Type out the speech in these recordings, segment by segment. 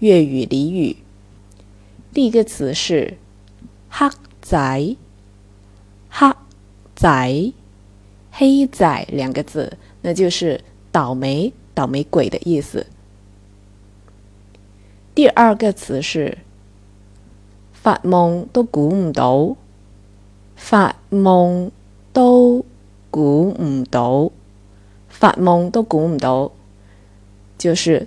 粵語俚語，第一個詞是黑仔，黑仔、黑仔兩個字，那就是倒霉、倒霉鬼的意思。第二個詞是發夢都估唔到，發夢都估唔到，發夢都估唔到，就是。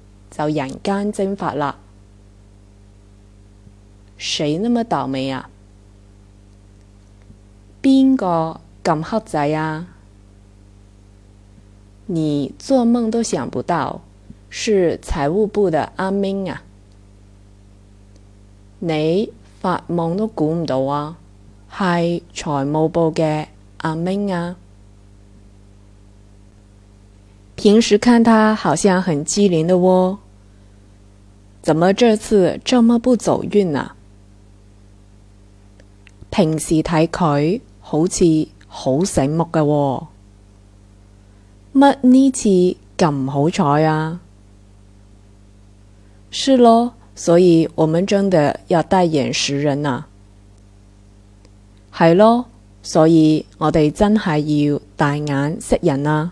就人間蒸發啦！誰那麼倒霉啊？邊個咁黑仔啊？你做夢都想不到，是財務部的阿明啊！你發夢都估唔到啊，係財務部嘅阿明啊！平時看他好像很機靈的喔、哦、怎麼這次這麼不走運啊？平時睇佢好似好醒目嘅、哦，乜呢次咁唔好彩呀？是咯，所以我們真的要帶眼識人啊！係咯，所以我哋真係要帶眼識人啊！